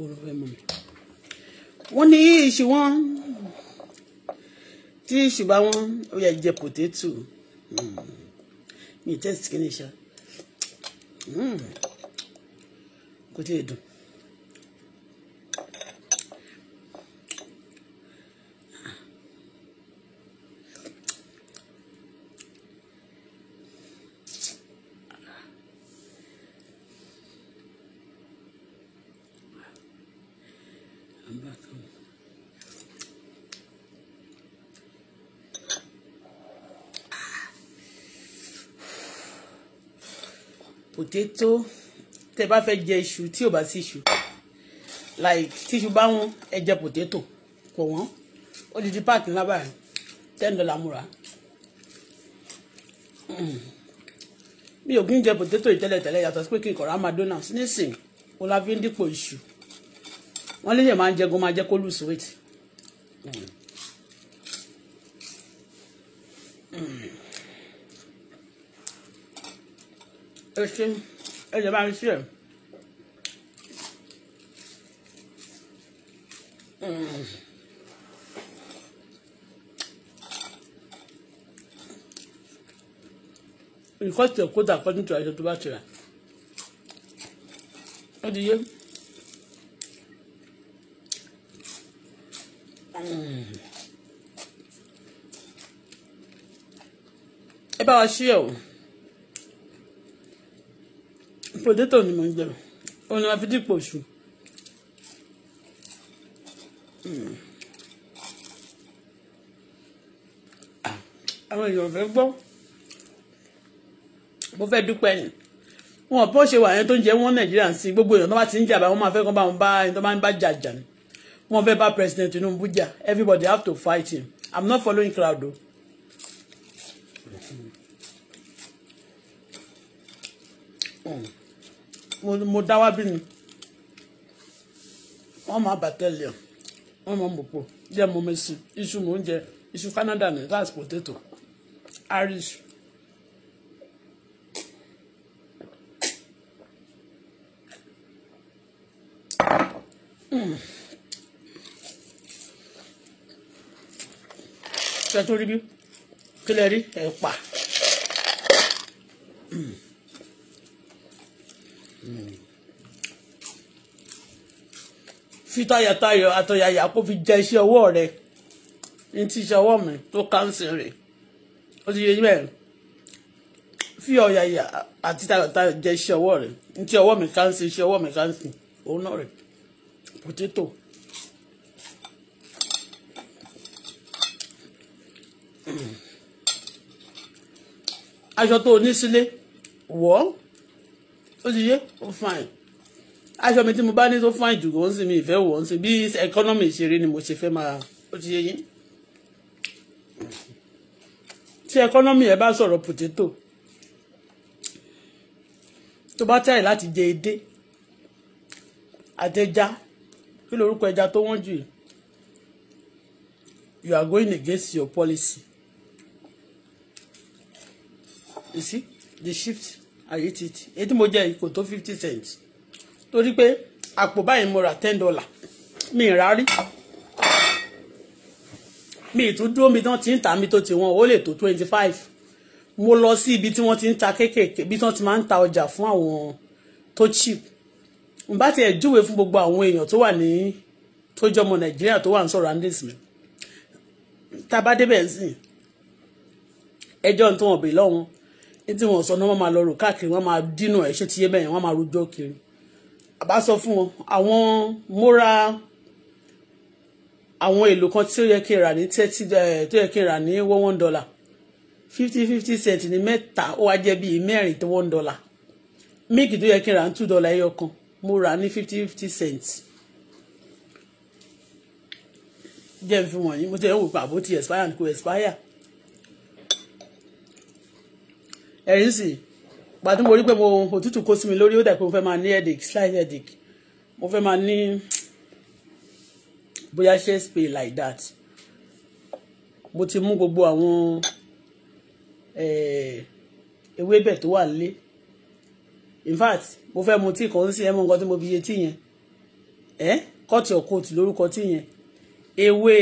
kóró fẹ́ mọ̀ mi. wọ́n ní iṣu wọn tí iṣu bá wọn ó yẹ jẹ pòtétù hmm. mi test kí ni ṣá hmm. kò tí ì dùn. potato tẹ bá fẹ́ jẹ iṣu tí ò bá sí iṣu like tíṣu bá wọn ẹ jẹ potato kò wọ́n ó di di páàkì ńlá báyìí ten dollar múra mi ò kí ń jẹ potato ìtẹ́lẹ̀tẹ́lẹ̀ yàtọ̀ sí pé kí n kọ̀ra madonnas nísìnyí ó la fi ń dípò iṣu wọ́n lè yẹ máa ń jẹ gan máa jẹ́ kó lù sweet. Mm. ẹ ṣeun bá mi ṣe ẹ. you cut your coat according tó bá tira ó ti yé. ẹ bá wa ṣí ẹ o potato ni mo ń jẹ òun ni wọ́n fi dípò oṣù. Hmm. àwọn èèyàn fẹ́ gbọ́ mo fẹ́ dúpẹ́ ni wọn bó ṣe wà yẹn tó ń jẹ wọn nàìjíríà ń gbogbo èèyàn tó bá ti ń jà wọn máa fẹ́ kán bá wọn bá ẹni tó bá ń bá jà ni wọn fẹ́ bá president Tinubu jà everybody have to fight him i'm not following crowd o. Mm. mo dá wá bí ni wọ́n máa bàtẹ́lẹ̀ wọ́n máa mọ̀ pò jẹ́ mo mẹ́sì iṣu mò ń jẹ iṣu Canada ni that's potato Irish. ṣe tó rí bí kílẹ̀ rí ẹ̀ fi tayọ̀tayọ̀ àtọ̀yàyà kó fi jẹ iṣẹ́ ọwọ́ rẹ ní ti iṣẹ́ ọwọ́ mi tó káńsì rè ó ti yẹ bẹ́ẹ̀ fi ọ̀yàyà àti tayọ̀tayọ̀ jẹ iṣẹ́ ọwọ́ rẹ ní ti ọwọ́ mi káńsì iṣẹ́ ọwọ́ mi káńsì òun náà rè potato. aṣọ tó o ní sílé wọ̀ ó ti fine aṣọ mi tí mo bá ní tó fine jù kò ń sìn mi ìfẹ́ wò ń sìn bí economy ṣe rí ni mo ṣe fẹ́ máa ó ti yé yín tí economy ẹ bá sọ̀rọ̀ potato tó bá tẹ̀lé láti jẹ edé àtẹja kí lorúkọ ẹja tó wọ́n jù you are going against your policy you see the shift I eat it ètí mo jẹ kò tó fifty cents torí pé àpò báyìí mo ra ten dollar mi ì rárí mi ì tún dúró mi tán ti ń ta mi tó ti wọn ó lè tó twenty five mo lọ sí ibi tí wọ́n ti ń ta kéékèèké bí wọ́n ti máa ń ta ọjà fún àwọn tó cheap n bá tiẹ̀ júwèé fún gbogbo àwọn èèyàn tó wà ní tó jọmọ nàìjíríà tó wà ń sọ̀rọ̀ andes mi tá a bá débẹ̀ sí ẹjọ́ ń tó wọn bèè lọ́wọ́ tí wọ́n sọ náà wọ́n máa lọ rò káàkiri wọ́n máa dínà ẹ̀ ṣé ti yé bẹ́ẹ̀ wọ́n máa rojọ́ kiri àbá sọ fún wọn àwọn mọ́ra àwọn èlò kan tí ó yẹ kí n rà ní thirty eh, tó yẹ kí n rà ní one dollar fifty fifty cent ní mẹ́ta ó wá jẹ́ bíi mẹ́rin tó one dollar míìkì tó yẹ kí n rà ní two dollar ẹyọ kan mo rà ní fifty fifty cent jẹ́ n fi wọ̀nyí mo ti ẹ̀ wò pé àbótí expire and co expire ẹ̀rín sì pàtó mo rí pé mo òtútù kó sí mi lórí ó dà pé mo fẹ́ máa ní headache slight headache mo fẹ́ máa ní bóyá chest pain like that mo ti mú gbogbo àwọn ewébẹ̀ tó wà lé in fact mo fẹ́ mu tí kan sí ẹ mọ nǹkan tí mo fi ṣe tí yẹn ẹ kọ́ọ̀tì ọ̀kọ́ọ̀tì lórúkọ tí yẹn ewé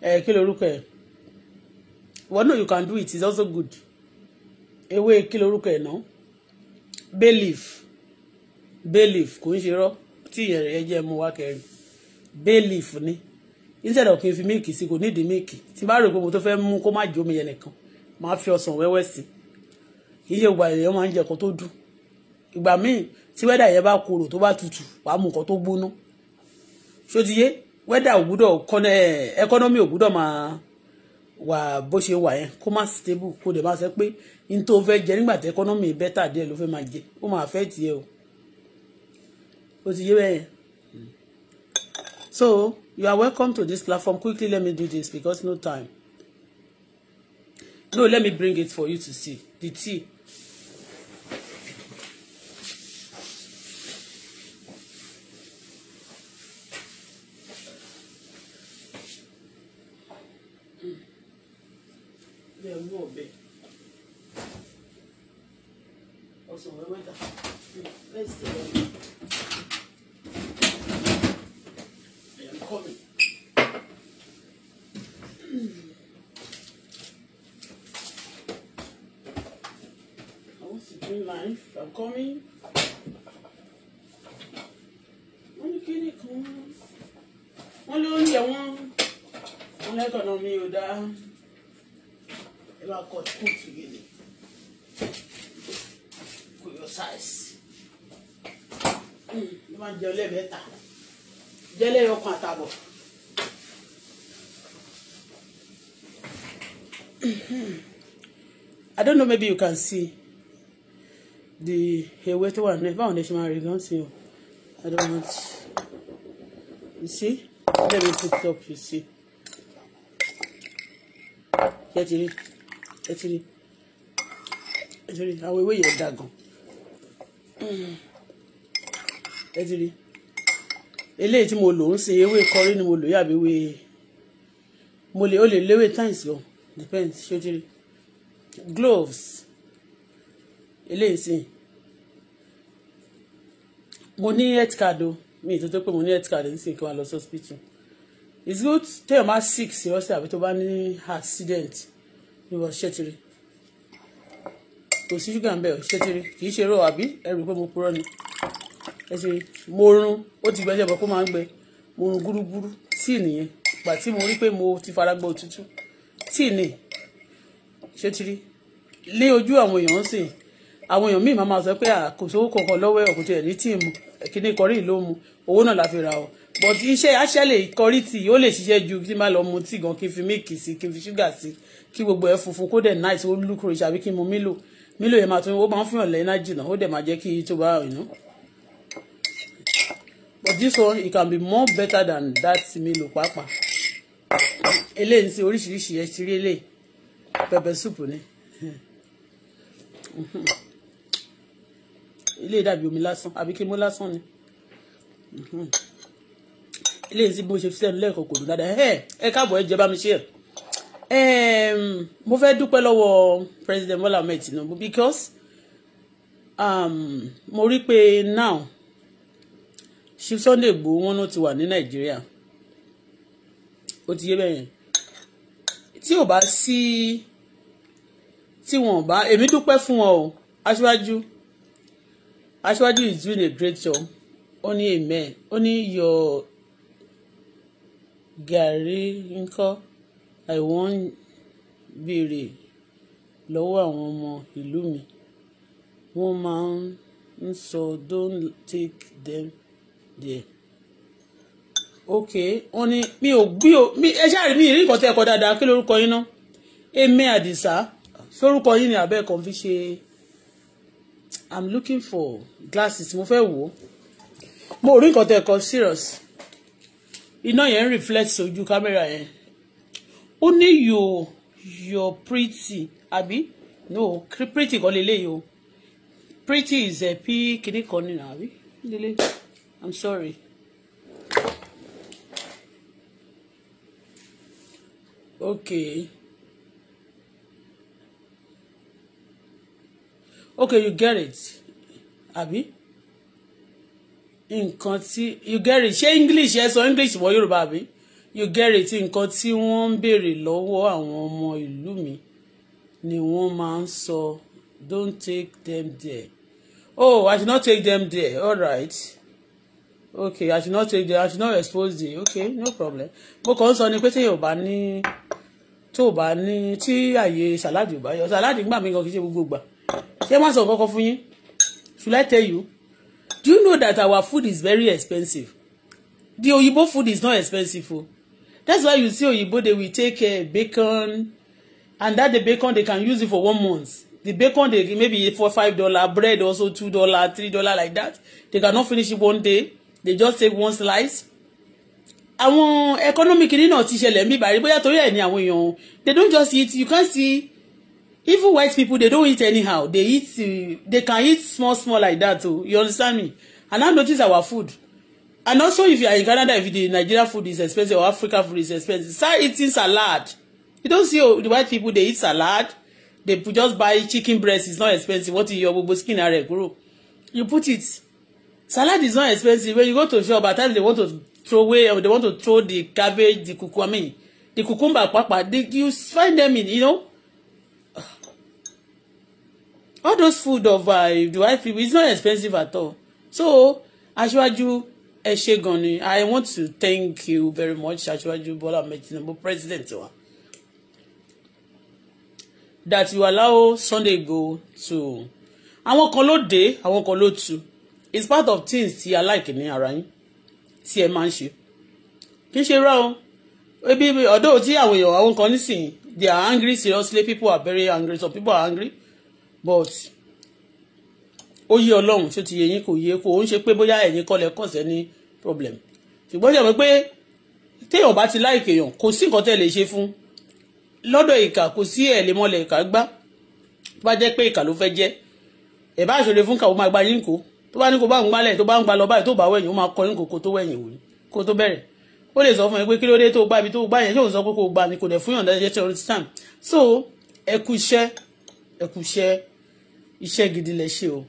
ẹ kí lorúkọ ẹ well no you can do it it's also good ewé kí lorúkọ ẹ̀ náà bay leaf bay leaf kò ń ṣe rọ tí ìyẹn rẹ̀ jẹ́ mu wá kẹrin bay leaf ni instead of kí n fi míìkì sí kò nídìí míìkì tí bá rò pé mo tó fẹ́ mú kó má jó mi yẹn nìkan máa fi ọsàn wẹ́wẹ́ sí kì í ìgbà èèyàn máa ń jẹ nǹkan tó dùn ìgbà míì tí wẹ́dà yẹn bá korò tó bá tutù wàá mú nǹkan tó gbóná ṣó ti yé wẹ́dà ògbúdọ̀ ẹkọ́nọ́mì ògbúdọ̀ máa wà bó ṣe wà yẹn kó má stable kó dẹ̀ bá sọ pé n tó fẹ́ jẹ nígbà tí economy better díẹ̀ ló fẹ́ máa jẹ ó máa fẹ́ tiẹ̀ o ó ti yé bẹ́ẹ̀ so you are welcome to this platform quickly let me do this because no time no let me bring it for you to see the tea mi wọ́n ní kíní kan wọ́n lé oúnjẹ wọn wọ́n lẹ́kọ̀ọ́ náà mi ò dáa ẹ bá kọ́ kó tìgìlì kò yọ sáìsì hmm, ló máa ń jẹ ọlẹ́mẹ́ta jẹ́lẹ́ hmm, hmm. I don't know maybe you can see the ewé tó wà nílẹ̀ báwọn lè ṣe máa rí gan sí o I don't want you see let me put it up you see ẹ ti rí ẹ ti rí ẹ ti rí àwọn ewé yẹn dà gan ẹ ti rí eléyìí tí mo lò ń sin ewé kọrí ni mo lò yàbí ewé mo lè o lè léwé times gan depends ṣé o ti rí gloves eléyìí sìn mo ní health card o mi ìtọ́jú pé mo ní health card nísìnyí kí wọ́n lọ sí hospital it's good téèyàn bá sick seriously àbí tó bá ní accident ní wọ́n ṣẹ́tiri kò sí ṣúgà ń bẹ̀ ṣẹ́tiri kì í ṣe rọ àbí ẹrù pé mo purọ́ ni ẹsẹ̀ mo run ó ti gbẹ́jẹ̀ bọ́ kó máa ń gbẹ mo run gúrúgúrú tíì nìyẹn ìgbà tí mo rí pé mo ti fara gbọ́ òtútù tíì nì ṣẹ́tiri ní ojú àwọn èèyàn ń sìn àwọn èèyàn míì máa máa sọ pé kò kankan lọ́wọ́ ẹ̀ kò tiẹ̀ ní tíìmù kíní kọrí ìlú mu owó náà la fi ra o but iṣẹ́ aṣẹ́lẹ̀ kọrí tì ó lè ṣiṣẹ́ ju kí n má lọ mu tíì gan kí n fi míìkì sí kí n fi ṣúgà sí kí gbogbo ẹ̀ funfun kó dẹ̀ náà ó lù kúrò ìṣàbí kí n mu mílò mílò yẹn máa tún ó máa ń fihàn lẹ́yìn náà jìnnà ó dẹ̀ máa jẹ́ kí tó bá rìn but this one it can be more better than that mílò pàápàá eléyìí sí oríṣiríṣi ẹ̀ ti rí eléyìí pepper soup ni ilé dàbí omi lásán àbí kí mo lásán ni mhm. ilé yìí tí mo ṣe fi sẹ́nu lẹ́ẹ̀kan kò dùn dáadáa ẹ ẹ káàbọ̀ ẹ jẹ́ bá mi ṣe ẹ̀ mo fẹ́ dúpẹ́ lọ́wọ́ President Bola Ahmed Tinubu because um, mo rí pé now Chief Sunday Igboho wọn náà ti wà ní Nàìjíríà ó ti yé bẹ́ẹ̀ yẹn tí ò bá sí tí wọn ò bá èmi dúpẹ́ fún wọn o aṣíwájú aṣíwájú is doing a great job ó ní amen ó ní your gàrí ńkọ́ àìwọ́n béèrè lọ́wọ́ àwọn ọmọ ìlú mi wọ́n máa ń sọ don't take them there ok wọ́n ní mi ò gbí o mi ẹ ṣáàrí mi ìrí nǹkan tẹ́ ẹ kọ dáadáa kí lórúkọ yín náà èmi àdìsá sórúkọ yín ni àbẹ́ kan fi ṣe i'm looking for glasses mo fẹ́ wò ó mo rí nǹkan tẹ kọ serious iná yẹn ń reflect sójú kámẹ́rà yẹn ó ní your your pretty àbí no pretty kan lélẹ́yìí o pretty is a p kìíní kan nínú àbí lélẹ́yìí i'm sorry. okay. okay you get it Abi. nǹkan tí you get it ṣé english ẹ sọ english wọ yorùbá Abi. you get it nǹkan tí wọ́n ń béèrè lọ́wọ́ àwọn ọmọ ìlú mi ni wọ́n máa ń sọ don't take them there oh i should not take them there all right okay i should not take them i should not expose them okay no problem mo kàn ń sọ ni pé téèyàn ò bá ní tó o bá ní tí àyè sàláàdì ò bá yọ sàláàdì gbà mí gan kì í ṣe gbogbo gbà ṣé wọ́n sọ kọ́kọ́ fún yín should I tell you do you know that our food is very expensive the Oyibo food is not expensive o oh. that's why you see Oyibo they will take uh, bacon and that the bacon they can use it for one month the bacon they maybe four five dollar bread also two dollar three dollar like that they cannot finish it one day they just take one slice àwọn economic nínà ti ṣẹlẹ̀ ń bí bàrí bóyá torí ẹ̀ ní àwọn èèyàn they don't just eat you can't see even white people they don't eat anyhow they eat uh, they can eat small small like that o oh. you understand me and I notice our food and also if you are in Canada if the Nigeria food is expensive or Africa food is expensive start eating salad you don see oh, the white people they eat salad They just buy chicken breast it's not expensive what is your bobo skin are ekuro you put it salad is not expensive when you go to shop at times they want to throw away or they want to throw the cabbage the cucumber I mean the cucumber papa they you find them in you know all those food of uh, the white people it's not expensive at all so aṣíwájú ẹ ṣé i want to thank you very much aṣíwájú bola Ahmed president wa that you allow Sunday go to àwọn kan ló dé àwọn kan ló tu it's part of things tí alike ní ara yín tí ẹ máa ń ṣe kì í ṣe rá o ebi ọ̀dọ́ tí àwọn èèyàn àwọn kan nísìnyí they are angry seriously people are very angry some people are angry but ó yé ọlọ́run ṣó ti yé yín kò yé kó ó ń ṣe pé bóyá ẹ̀yin kọ́lẹ̀ kọ̀ọ̀sẹ̀ ní problem ṣùgbọ́n ṣe mọ̀ pé téèyàn bá ti láìkè èèyàn kò sí nǹkan tẹ́ lè ṣe fún lọ́dọ̀ ìkà kò sí ẹ̀ lè mọ́lẹ̀ ìkà gbá tó bá jẹ́ pé ìkà ló fẹ́ jẹ́ ẹ̀ bá ṣòro fún kàwọ́ máa gba yín kó tó bá ní kó bá ń gbálẹ̀ tó bá ń gba lọ báyìí tó bá wẹ̀yìn ó máa kọ yín kó kó tó wẹ̀yìn òní kó tó bẹ̀rẹ̀ ó lè sọ fún mi pé kí ló dé tó gbá mi tó gbá yẹn yóò sọ pé kó gbá mi kò dẹ̀ fún yàn lẹ́yìn ṣe ọ̀rọ̀ ti tàn so ẹkú iṣẹ́ ẹkú iṣẹ́ iṣẹ́ gidi lẹ ṣe o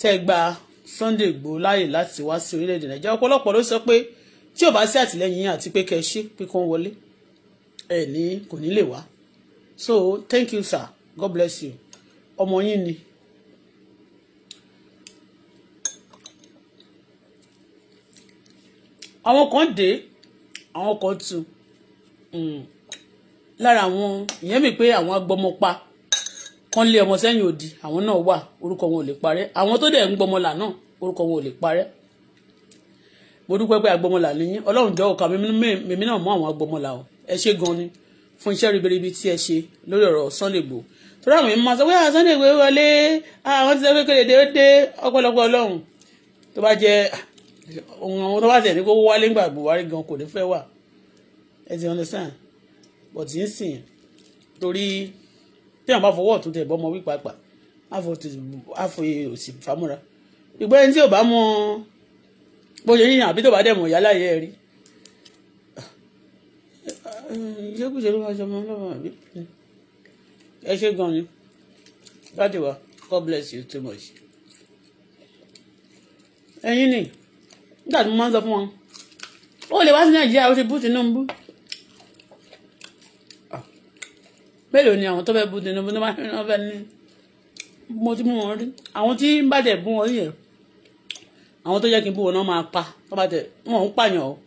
tẹ́ gba Sunday Igboho láàyè láti wá sí orílẹ̀-èdè Nàìjíríà ọ̀pọ̀lọpọ̀ ló sọ pé tí ò bá sí àtìlẹ́yìn àti pé kẹ́ ẹ ṣí pé kán wọlé ẹ ní kò ní lè wá so thank you sir God bless you ọmọ yín ni. àwọn kan dé àwọn kan tu hmm. lára àwọn ìyẹn mi pé àwọn agbọmọpa kán lé ọmọ sẹ́yìn òdì àwọn náà wà orúkọ wọn ò lè parẹ́ àwọn tó dẹ̀ ń gbọmọlà náà orúkọ wọn ò lè parẹ́ mo dúpẹ́ pé agbọmọlà nìyí ọlọ́run jọ̀ọ́ ká mímí náà mọ́ àwọn agbọmọlà o ẹ ṣé gan ni fún iṣẹ́ ribiribi tí ẹ ṣe lórí ọ̀rọ̀ Sunday Igboho torí àwọn èèyàn máa sọ pé àwọn ah, Sunday Igboho wọlé àwọn ah, ti sọ pé kéde dé ọ̀pọ̀lọpọ̀ ọlọ́run tó bá jẹ ohun àwọn tó bá tẹ̀ ní kó wálé ńgbà Buhari gan kò ní fẹ́ wà ẹ ti understand but yín sìn torí téèyàn bá fọwọ́ ọ̀tún tẹ̀ bọ́mọ wípa pa àfọ òsì fámúra ìgbẹ́ ẹni tí ò bá mọ bó ṣe yíyan àbí tó bá dẹ̀ mọ̀ yálà yẹ rí ìṣekúṣe ló máa ṣọmọ ọlọ́mọ àbí ẹ ṣe gan ni láti wá God bless you too much ẹ̀yin ni nígbà tí mo máa ń sọ fún wọn ó lè wá sí Nàìjíríà ó ti bú Tinubu. mélòó ni àwọn tó fẹ́ bu Tinubu tó máa ń fẹ́ ní mo ti mú wọn rí àwọn tí ń bàjẹ́ bú wọn yẹn àwọn tó yẹ kí n bú wọn náà máa pa tó bá tẹ wọn ń pààyàn o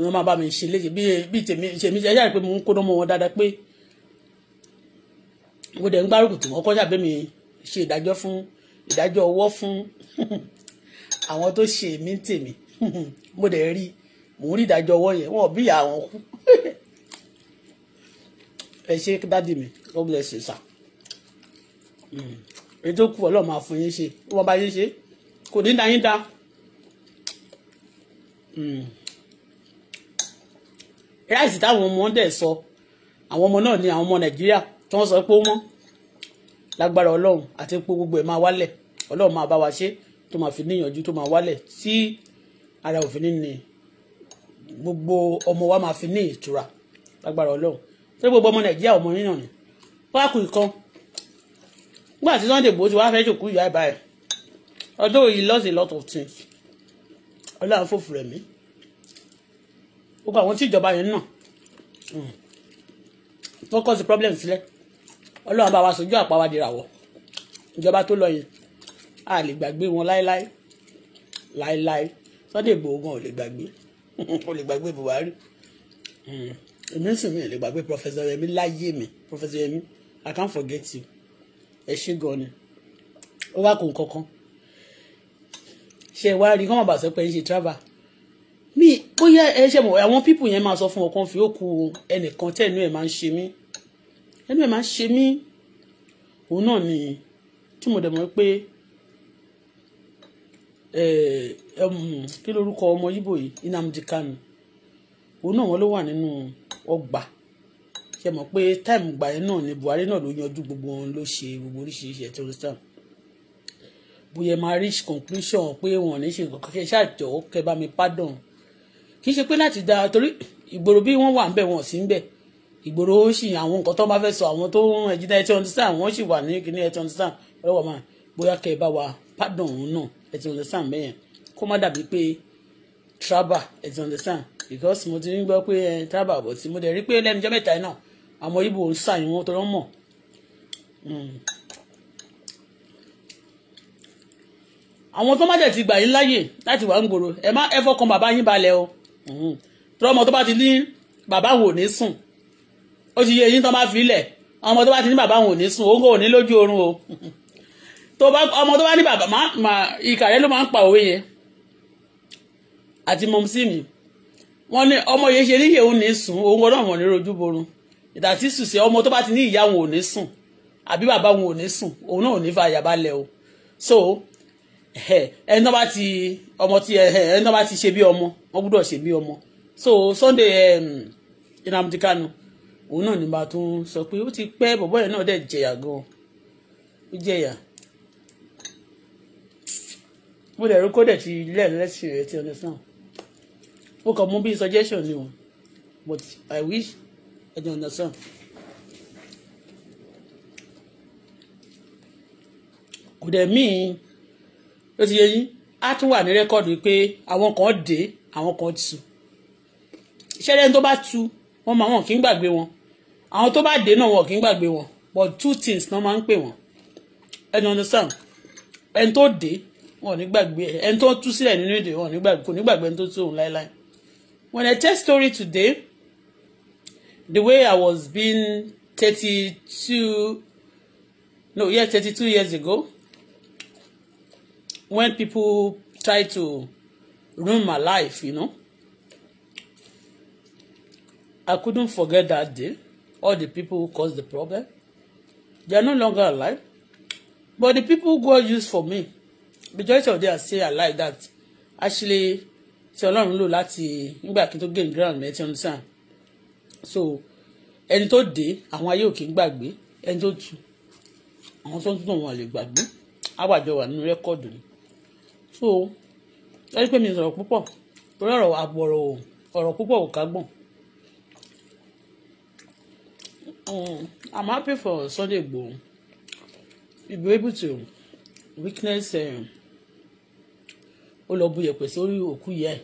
wọn máa bá mi ṣe léṣe bí bí tèmi tèmi ẹ ṣáà pé mo ń kó dánmọ wọn dáadáa pé mo dẹ̀ ń gbárùkù tó wọn kọ́ ṣàbẹ́ mi ṣe ìdájọ́ fún ìdájọ́ ọwọ́ fún àwọn tó ṣe mí tèmi mo dẹ̀ rí mò ń rí ìdájọ́ ọwọ́ yẹn wọn bí àwọn kú ẹ ṣe dádì mi God bless you sir èyí tó kù ọlọ́run máa fún yín ṣe wọ́n bá yín ṣe kò ní dá yín dá ráìsì táwọn ọmọ dẹ̀ sọ àwọn ọmọ náà ni àwọn ọmọ nàìjíríà tí wọ́n sọ pé ó wọ́n lágbára ọlọ́run àti pé gbogbo ẹ̀ máa wálẹ̀ ọlọ́run máa bá wa ṣe tó máa fi níyànjú tó máa wálẹ̀ tí ara òfin ní ni gbogbo ọmọ wa máa fi ní ìtura lágbára ọlọ́run ṣé gbogbo ọmọ nàìjíríà ọmọ yín náà ni wọ́n á kú ìkan nígbà tí Sunday Igboho ti wá fẹ́ jòkú ìyá ìbá ẹ̀ although he lost a lot of things ọlọ́run fòfò rẹ̀ mí gbogbo àwọn tí ìjọba yẹn náà wọ́n hmm, kọ́ sí problem sílẹ̀ ọlọ́run bá wa sojú àpáwádìí rà wọ́ ìjọba tó lọ yẹn a lè gbàgbé wọn láéláé láéláé Sunday Igboho gan ò lè gbàgbé ò lè gbàgbé Buhari. Mm èmi ń sìn mí lè gbàgbé professor Yẹmí láyé mi professor Yẹmí I can't forget you ẹ ṣé gan ni ó wá kó nǹkan kan ṣe wá rí kọ́mọ̀ bàṣẹ pé ń ṣe travel mi bóyá ẹ ṣe mọ̀ àwọn pípù yẹn máa sọ fún ọkàn fi ó ku ẹnìkan tẹ́nu ẹ̀ máa ń ṣe mí ẹnu ẹ̀ máa ń ṣe mí òun náà ni tí mo dẹ̀ pé mm, kí lorúkọ ọmọ yíbo yìí Nnamdi Kanu òun náà wọn ló wà nínú ọgbà ṣe mọ̀ pé táìmù gbà yẹn náà ni Buhari náà ló yanjú gbogbo wọn ló ṣe gbogbo oríṣiríṣi ẹ̀ tó ń sàn bóyá máa reach conclusion pé wọn ò ní ṣe nǹkan kẹ ṣáàjọ kẹ bá mi pardon kì í ṣe pé láti da torí ìgboro bí wọ́n wà ń bẹ̀ wọ́n sí ń bẹ̀ ìgboro ó sì àwọn nǹkan tó bá fẹ́ sọ àwọn tó ń ẹ̀jídá ẹ̀ tí wọ́n ti sàn wọ́n sì wà ní kíní ẹ̀ tí wọ́n ti sàn ọlọ́wọ́ máa bóyá kẹ bá wa pardon òun náà ẹ̀ tí wọ́n ti sàn bẹ́yẹn kó má dàbí pé traba ẹ̀ tí wọ́n sàn because mo ti ń gbọ́ pé tábà bọ̀ tí mo dẹ̀ rí pé lẹ́nu jẹ́ mẹ́ta náà àwọn ibo ń sàyìn wọn tó rán mọ̀. Hmm. àwọn tó má dẹ̀ ti gbà yín láyè láti wà ń gbòòrò ẹ má ẹ fọkàn bàbá yín balẹ̀ o hmm. tọ́lọ́ ọmọ tó bá ti ní bàbá wọn ò ní sùn ó ti yẹ yín tó má fi ilẹ̀ ọmọ tó bá ti ní bàbá wọn ní sùn òun kò lójú oorun o tó bá ọmọ tó bá ní bàbá ìkà rẹ ló máa ń pa òwe yẹn àti mọ̀mùsí mi wọ́n ní ọmọ yẹn ṣe níyẹ̀ òun ní sùn òun gbọ́dọ̀ mọ̀ ní rojú borun ìdàtí sùsẹ̀ ọmọ tó bá ti ní ìyá òun ò ní sùn àbí bàbá òun ò ní sùn òun náà ò ní fa àyàbá lẹ o so ẹni náà bá ti ọmọ ti ẹni náà bá ti ṣe bí ọmọ wọ́n gbọ́dọ̀ ṣe bí ọmọ so Sunday um, Nnamdi Kanu òun náà ní bá tún sọ pé ó ti pẹ́ bọ̀bọ́ yẹn náà dẹ̀ jẹ̀yà gan ó jẹ̀yà mo dẹ̀ rí kó dẹ̀ ti lẹ́ẹ̀lẹ́sìn rẹ̀ ti ọdún sáà mo kàn mú bí suggestion ni o but i wish i dey understand. kò dẹ̀ míì ló ti yẹ yín á tún wà ní rẹ́kọ̀dù pé àwọn kan dé àwọn kan tu iṣẹ́ lẹ́nu tó bá tu wọ́n máa wọn kì í gbàgbé wọn àwọn tó bá dé náà wọn kì í gbàgbé wọn but two things náà máa ń pè wọ́n ẹni understand ẹni tó dé wọn ò ní gbàgbé ẹni tó tú sílẹ̀ nínú èdè wọn ò ní gbàgbé kò ní gbàgbé ẹni tó tú òun láéláé When I tell story today, the way I was being thirty two, no, yeah, thirty two years ago, when people tried to ruin my life, you know, I couldn't forget that day, all the people who caused the problem. They are no longer alive. But the people God used for me, majority of them say I like that actually tí ọlọ́run lò láti nígbà kí n tó gain ground mẹ́tí ọdún sàn so ẹni tó dé àwọn ayé òkè ń gbàgbé ẹni tó tu àwọn tó ń tún wọn lè gbàgbé àwàjọ wà nínú rẹ́kọ̀dù ni so ẹni pé mi sọ̀rọ̀ púpọ̀ torí ọ̀rọ̀ àbọ̀rọ̀ ọ̀rọ̀ púpọ̀ ò kágbọ̀n hmm, I'm happy for Sunday Igboho you be able to witness. Uh, ó lọ bu yẹ̀pẹ̀ sórí òkú ìyá ẹ̀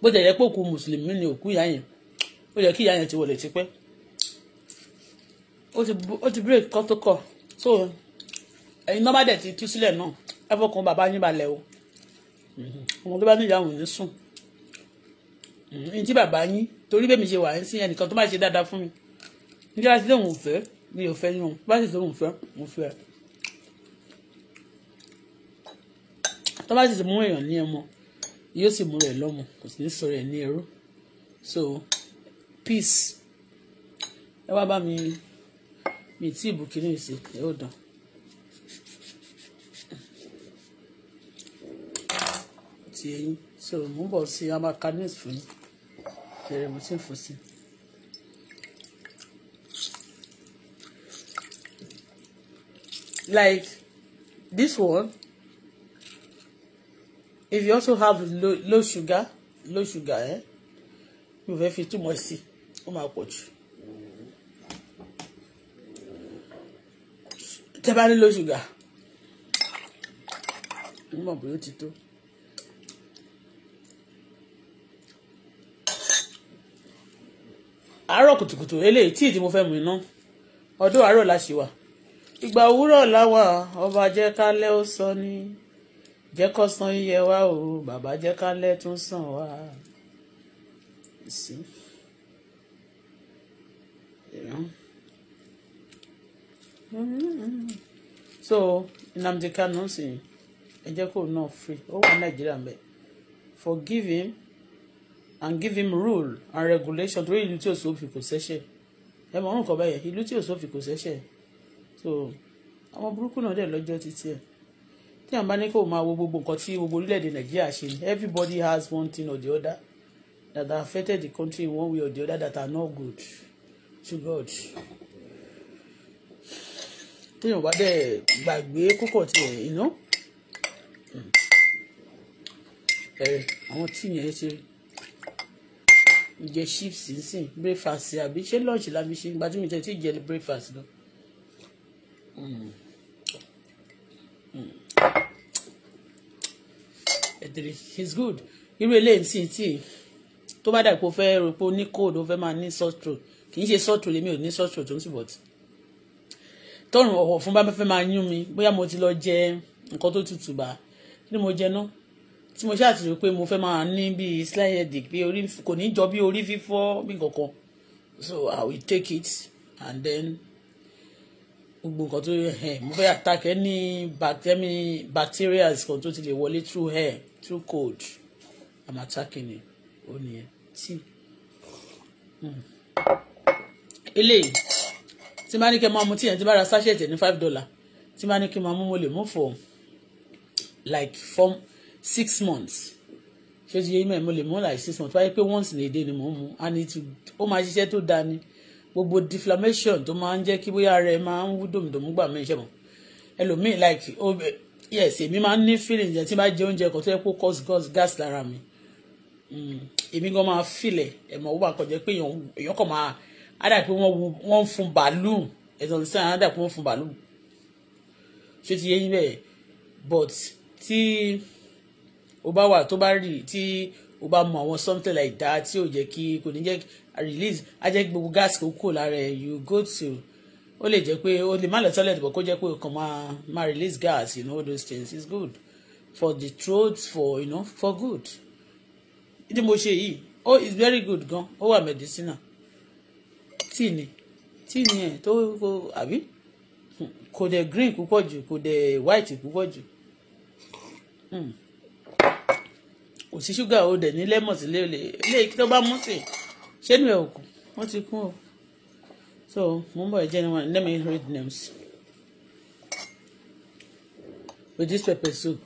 bó tẹ̀yẹ pé òkú mùsùlùmí ni òkú ìyá yẹn ó yẹ kí ìyá yẹn ti wọlé tipẹ́ ó ti break protocol so ẹ̀yin nọ́mbà dẹ̀ ti tú sílẹ̀ náà ẹ fọkàn bàbá yín balẹ̀ o ọmọ tó bá ní ìyá òun ní sùn ní tí bàbá yín torí bẹ́ẹ̀ mi ṣe wà ń sìn ẹnìkan tó má ṣe dáadáa fún mi nígbà tí òun ò fẹ́ mi ò fẹ́ yín o bá sì tó fẹ́ mo fẹ́ ẹ. tó bá sì mú èèyàn ní ọmọ yóò sì mú rẹ̀ lọ́mọ kò sì ní sọ rẹ̀ ní ẹrú so peace ẹ wá bá mi mi tí ìbù kínní sí ẹ ó dán. ti eyín so mo ń bọ̀ sí amacanis fún yín bẹ̀rẹ̀ mo ti ń fún sí like this one if you also have low, low sugar low sugar eh you fẹ́ fi túmọ̀ sí ó máa pọ̀ jù tẹ́ bá ní low sugar nímọ̀ bóyá ó ti tó. àárọ̀ kùtùkùtù eléyìí tíì tí mo fẹ́ mu iná ọdún àárọ̀ la ṣì wà ìgbà òwúrọ̀ la wà ọba jẹ́ kálẹ́ ó sọ ni jẹ́ kó san yíyẹ wá o bàbá jẹ́ ká lẹ́ sàn wá. so Nnamdi Kanu sì ẹ jẹ́ kó náà free ó wà Nàìjíríà mẹ́ forgive him and give him rule and regulation torí ìlú tí òṣòfì kò ṣẹ̀ṣẹ̀ ẹ mọ̀ ọ́n kọ́ bẹ́yẹn ìlú tí òṣòfì kò ṣẹ̀ṣẹ̀ so àwọn burúkú náà dẹ̀ lọ́jọ́ títí ẹ̀ tí àwọn bá ní kó máa wo gbogbo nǹkan tí gbogbo orílẹ̀-èdè nàìjíríà ṣe ni everybody has one thing or the other that affected the country in one way or the other that are not good to God téèyàn bá dẹ̀ gbàgbé kókò tiẹ̀ iná ẹ̀rẹ̀ àwọn tí yẹn ṣe jẹ chips nsìn breakfast àbí ṣé lunch la fi ṣe ìgbà tí mi tẹ̀ tí jẹ breakfast lọ. Mm. Mm. He's good irú eléyìí sì tì tó bá dàgbò fẹ́ rò pé ó ní cold ó fẹ́ máa ní sore throat kì í ṣe sore throat lèmi ò ní sore throat tó ń sì bọ̀tì tọrùn ọ̀wọ̀ fún bá fẹ́ máa yún mi bóyá mo ti lọ jẹ nǹkan tó tutù bá kí ni mo jẹ náà tí mo ṣáà ti rò pé mo fẹ́ máa ní bíi slight headache bí orí kò ní jọ bí orí fífọ́ bí nǹkan kan so I will take it and then gbogbo nǹkan tó eh, mo fẹ́ attack any bacteria kan tó ti lè wọlé through hair eh, through cold i'm attacking it ó nìyẹn tí hmm. eléyìí tí bá ní kí n máa mu tíyẹn tí bá ra sachet ní five dollar tí bá ní kí n máa mú mo lè mú for like four six months ṣé ti yé mi mo lè mú like six months báyìí pé once in a day ni mo ń and it ó máa ṣiṣẹ́ tó dáa gbogbo deflammation tó máa ń jẹ́ kí bóyá ara ẹ máa ń wú dòmùdòmù gbà mí ṣẹ̀mọ̀ ẹlòmíì like obè yes èmi máa ń ní feeling yẹn tí bá jẹ oúnjẹ kan tó yẹ kó cause cause gas lára mi hmm, èmi gan máa filẹ̀ ẹ̀mọ̀ wọ́n máa kọ̀ jẹ́ pé èèyàn kàn máa ádà pé wọ́n ń fún bàálù ẹ̀sán ti sàn ádà pé wọ́n ń fún bàálù ṣé ti yé yín bẹ́ẹ̀ but tí o bá wà tó bá rí tí ó bá mọ àwọn something like that tí ò jẹ́ kí kò ní jẹ́ release á jẹ́ gbogbo gas kò kúrò lára ẹ̀ you go to ó lè jẹ́ pé ó lè má lọ toilet but kó jẹ́ pé o kàn máa máa release gas you know all those things is good for the throat for you know for good ní mo ṣe yìí oh it's very good gan ó wà medicinal tíì ni tíì ni ẹ̀ tó kó àbí kò dẹ̀ green púpọ̀ jù kò dẹ̀ white púpọ̀ jù. Mm kò sí ṣúgà o dẹ̀ ní lẹ́mọ̀ sí léèlè léèkì tó bá mú sí ṣẹ́nu ẹ̀ òkú wọ́n ti kún o so mo ń bọ̀ ẹ̀ jẹ́ ní one let me read names with this pepper soup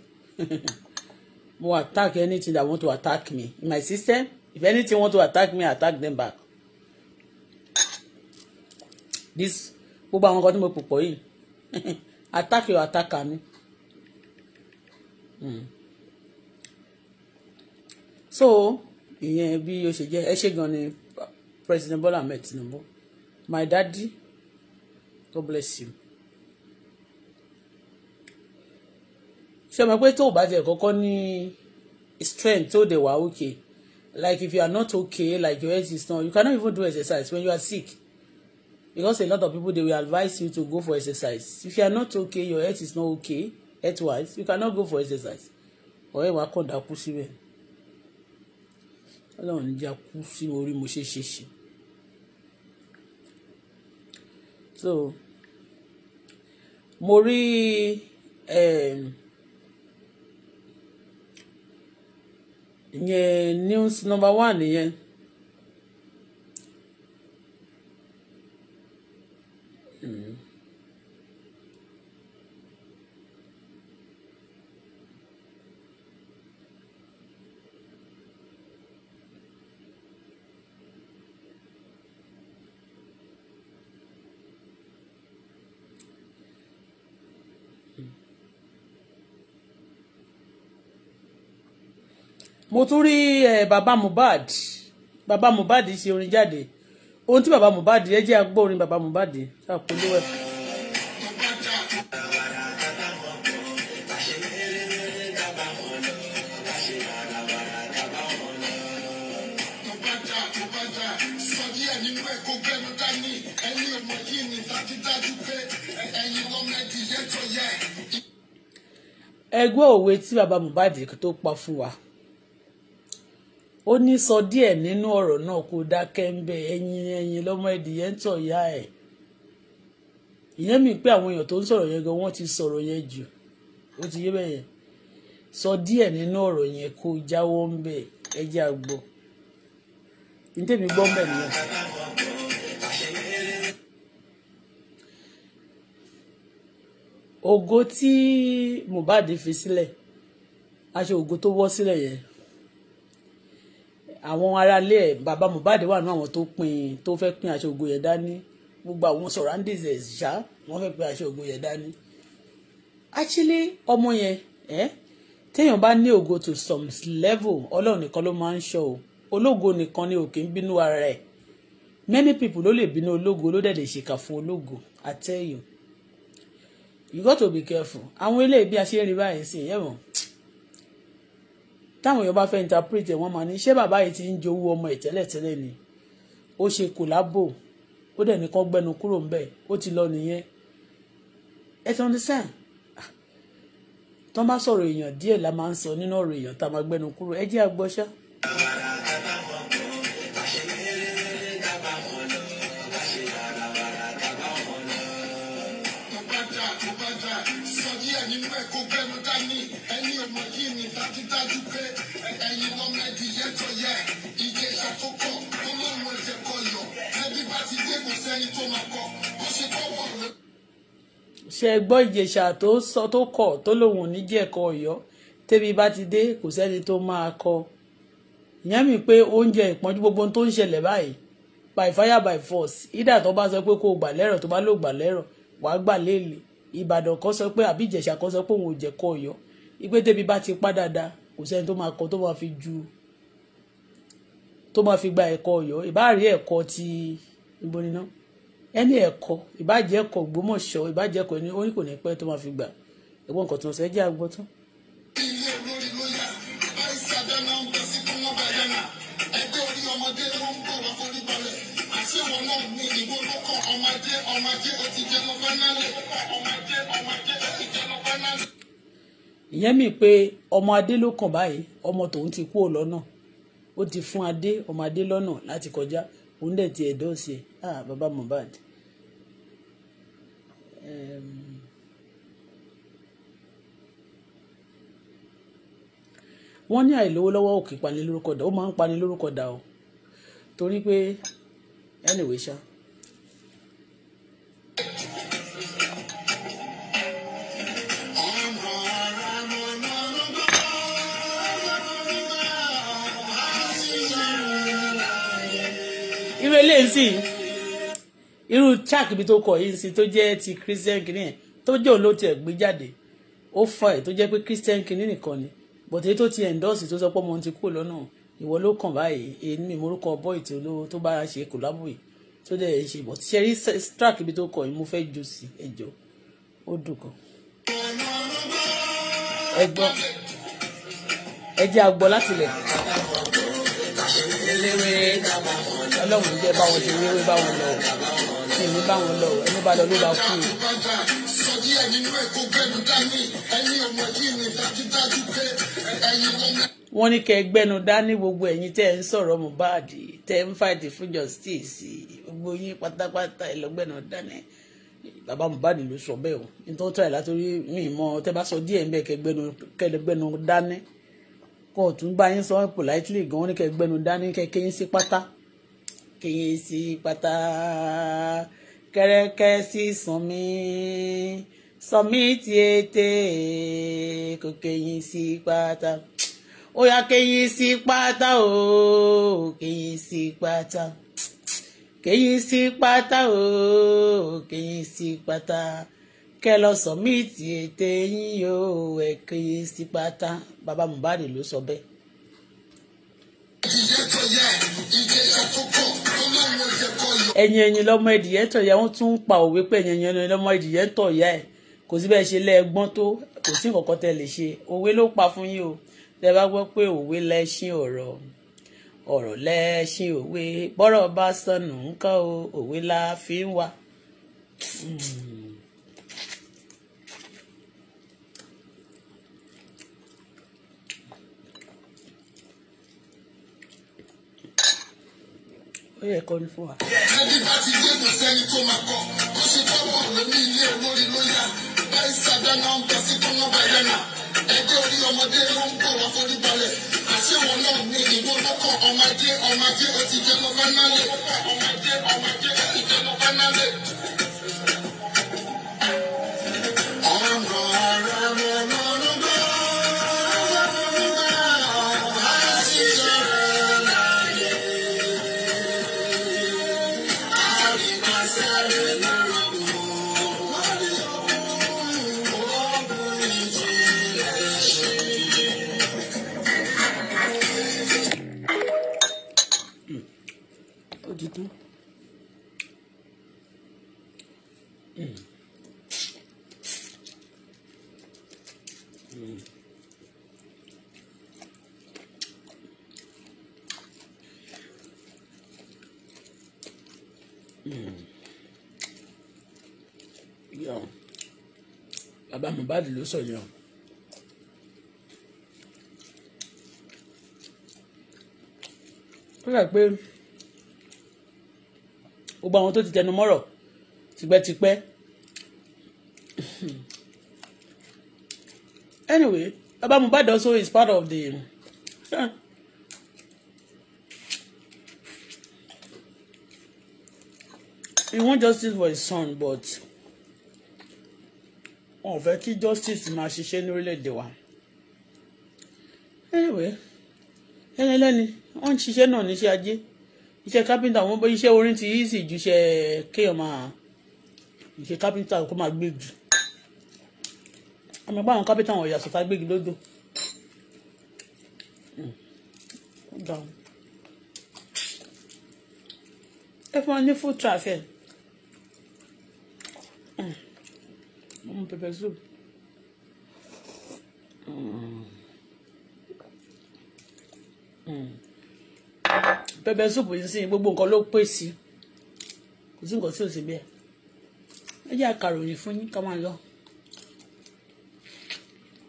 mo attack anything that want to attack me in my system if anything want to attack me I attack them back this gbogbo àwọn nǹkan tí mo pò pọ̀ yìí attack your attacker mi so ìyẹn bí o ṣe jẹ́ ẹ ṣe gan ni President Bola Ahmed Tinubu my daddy God bless you. ṣé o mọ̀ pé tó o bá tiẹ̀ kọ́kọ́ ní strength tó dẹ̀ wá okay like if you are not okay like your health is not you cannot even do exercise when you are sick because a lot of people they will advise you to go for exercise if you are not okay your health is not okay health wise you cannot go for exercise Or ọ̀rẹ́ wa kàn dákú síbẹ̀ ọlọ́run ní já kú sí orí mo ṣe ṣe ṣe so mo rí ìyẹn news number one nìyẹn. mo tún rí baba Mohbad bàbá Mohbad ṣe orin jáde ohun tí bàbá Mohbad ẹ jẹ́ agbó orin bàbá Mohbad ṣàpolówó ẹ̀. ẹgbẹ́ òwe tí bàbá Mohbad tó pa fún wa ó ní sọ díẹ̀ nínú ọ̀rọ̀ náà kó dákẹ́ ń bẹ ẹ̀yin ẹ̀yin lọ́mọ ẹ̀dìyẹ ń tọ̀ ya ẹ̀ ìyẹn mi pé àwọn èèyàn tó ń sọ̀rọ̀ yẹn gan wọ́n ti sọ̀rọ̀ yẹn jù ó ti yé bẹ́yẹn sọ díẹ̀ nínú ọ̀rọ̀ yẹn kó jáwọ́ ń bẹ ẹjẹ́ àgbọ̀ ní tèmi gbọ́ ń bẹ̀ nìyẹn. ògo tí Mohbad fi sílẹ̀ aṣọ ògo tó wọ́ sílẹ̀ yẹn àwọn aráalé ẹ̀ bàbá Mohbad wà nínú àwọn tó pin tó fẹ́ pin aṣọ ògo yẹn dání gbogbo àwọn surroundings ẹ̀ ṣá wọ́n fẹ́ pin aṣọ ògo yẹn dání. actually ọmọ yẹn ẹ téèyàn bá ní ògo to some level ọlọ́run nìkan ló máa ń ṣọ́ o ológo nìkan ni òkè ń bínú ara ẹ̀ many people ló lè bínú ológo ló dẹ̀ lè ṣèkà fún ológo I tell you you got to be careful àwọn ilé ibi aṣèrìn báyìí sí ẹ̀wọ̀n táwọn èèyàn bá fẹ́ interpret ẹ̀ wọ́n máa ní ṣé bàbá yìí ti ń jowú ọmọ ẹ̀ tẹ́lẹ̀tẹ́lẹ̀ ni ó ṣe kòlábò ó dẹ̀ ní kán gbẹnu kúrò ńbẹ̀ ó ti lọ nìyẹn ẹ ti understand ah, tán bá sọ̀rọ̀ èèyàn díẹ̀ la máa ń sọ nínú ọ̀rọ̀ èèyàn tá a máa gbẹnu kúrò ẹ jẹ́ àgbọ́ṣá. dájú pé ẹ̀yin gọ́ọ̀mẹ́ntì yẹ́tọ̀yẹ́ Ìjẹ̀ṣà tó kọ̀ tó lóun ẹ̀jẹ̀ kọ yọ̀ ẹbí bá ti dé kò sẹ́ni tó máa kọ bó ṣe kọ́ wọ̀ lé. ṣe gbọ́ Ìjẹ̀ṣà tó sọ tó kọ̀ tó lóun ò ní jẹ́ ẹ̀kọ́ Ọ̀yọ́ tẹ́bí bá ti dé kò sẹ́ni tó máa kọ ìyẹn mi pé oúnjẹ ìpọ́njú gbogbo tó ń ṣẹlẹ̀ báyìí by fire by force ìdá tó bá sọ pé kó o gbà lẹ́rọ̀ tó bá lò gbà lẹ́rọ̀ wàá gbà léèlè Ìbàdàn kan sọ pé àbí Ìjẹ̀ṣà kan sọ pé òun ò jẹ́ kọ́ Ọ̀yọ́ ìpè tẹ́bí bá ti pa dáadáa kò sẹ́ni tó máa kọ tó máa fi ju tó máa fi gba ẹ̀kọ́ ọ̀yọ́ ìbáàrí ẹ̀kọ́ ti ibo níná ẹni ẹ̀kọ́ ìbàjẹ́ ẹ̀kọ́ Ògbómọ̀ṣọ́ ìbàjẹ́ ẹ̀kọ́ ẹni orí kò ní pẹ́ tó máa fi gbà ẹ̀gbọ́n nǹkan tó ń sọ jẹ́ àgbọ́tán. ọmọdé ìyẹn mi pé ọmọ adé ló kàn báyìí ọmọ tòun ti kú ò lọ́nà ó ti fún adé ọmọ adé lọ́nà láti kọjá òun dẹ̀ ti ẹ̀dọ́ sí ẹ ah Mohbad. wọ́n ní àìlówó òkè panilórúkọ dà ó máa ń panilórúkọ dà o torí pé anyway ṣá. Sure. irú eléyìí sì irú chak ibi tó kọ yìí sì tó jẹ́ ti christian kìnìún yẹn tó jẹ́ òun ló tiẹ̀ gbé jáde ó fà ẹ̀ tó jẹ́ pé christian kìnìún nìkan ni bọ̀tí tó ti endorse tó sọ pé ọmọ ti kú lọ́nà ìwọ ló kàn báyìí èyí mi morúkọ bọ́ì tí olówó tó bá ṣe kò lábùyì tó dẹ̀ ṣe bọ̀tí ṣe rí track ibi tó kọ yìí mo fẹ́ jù sí ẹjọ́ ó dùn kan. ẹ jẹ́ àgbọ̀ látilẹ̀ ọlọ́run jẹ́ bá wọn ṣe rí ewé bá wọn lọ kí ni bá wọn lọ ẹni bá lọ ló bá kú. wọ́n ní kẹ́ ẹ gbẹ́nu dání gbogbo ẹ̀yin tẹ́ ẹ ń sọ̀rọ̀ Mohbad tẹ́ ẹ ń fàìtì fún justice gbogbo yín pátápátá ẹ lọ gbẹ́nu dání bàbá Mohbad ló sọ bẹ́ẹ̀ o nítorí tọ́lá látòrí mi mọ́ tẹ́ bá sọ díẹ̀ ń bẹ́ẹ̀ kẹ́ gbẹ́nu dání kóòtù ń bá yín sọ politely gan-an ní kẹ́ gbẹ́nu dání kẹ́ kéyín sí pátá kíyèsí pátá kẹrẹkẹsí sànmí sànmí ti ètè kò kẹyìn sí pátá ó yá kẹyìn sí pátá o kẹyìn sí pátá kẹyìn sí pátá o kẹyìn sí pátá kẹ lọ sànmí ti ètè yín o ẹ kẹyìn sí pátá bàbá Mohbad ló sọ bẹ́ẹ̀ ẹ̀yin ẹ̀yin lọ́mọ ìdìyẹ tọ̀yà wọ́n tún ń pa òwe pé ẹ̀yin ẹ̀yin lọ́mọ ìdìyẹ tọ̀yà ẹ̀ kò sí bẹ́ẹ̀ ṣe lẹ́ẹ̀gbọ́n tó kò sí nǹkan kan tẹ́ lè ṣe òwe ló pa fún yín o tẹ́ bá gbọ́ pé òwe lẹ́ṣin ọ̀rọ̀ ọ̀rọ̀ lẹ́ṣin òwe bọ́rọ̀ bá sọnù ńkọ́ o òwe la fi ń wà. Hmm. ó yẹ kọ́ ni fún wa. adé bá ti dé kò sẹ́ni tó máa kọ́ ó ṣe bábọ̀ ló ní ilé olórí lóyà báyìí sàdáná ń tọ́ sí kọ́nà bàyánà ẹgbẹ́ orí ọmọdé ló ń bọ̀ wá forí balẹ̀ àṣẹ wọn náà ní ìwọ lọ́kàn ọmọdé ọmọdé ó ti jẹ́ lọ́bánálẹ̀ ọmọdé ọmọdé ó ti jẹ́ lọ́bánálẹ̀. ló sọ yẹn o. ó rà pé gbogbo àwọn tó ti tẹnu mọ́rọ̀ tipẹ́tipẹ́ anyway baba Mohbad also is part of the. he won't justice for his son but wọn fẹ́ kí justice máa ṣiṣẹ́ ní orílẹ̀-èdè wa anyway ẹni lẹ́ni wọ́n ń ṣiṣẹ́ náà níṣẹ́ ajé iṣẹ́ kápẹ́ńtà wọn bọ́ iṣẹ́ orin ti easy ju iṣẹ́ kéèyàn máa iṣẹ́ kápẹ́ńtà kó máa gbégi àmọ́ báwọn kápẹ́ńtà wọn yàtọ̀ tá gbégi lódò hmm. ẹ fún wọn ní full traffic. mo mu pepper soup. Mm. Mm. pepper soup yìí sìn gbogbo nǹkan ló pè sí kò sí nǹkan tí ò sí bẹ́ẹ̀ ẹ jẹ́ àkàròyìn fún yín ká máa lọ.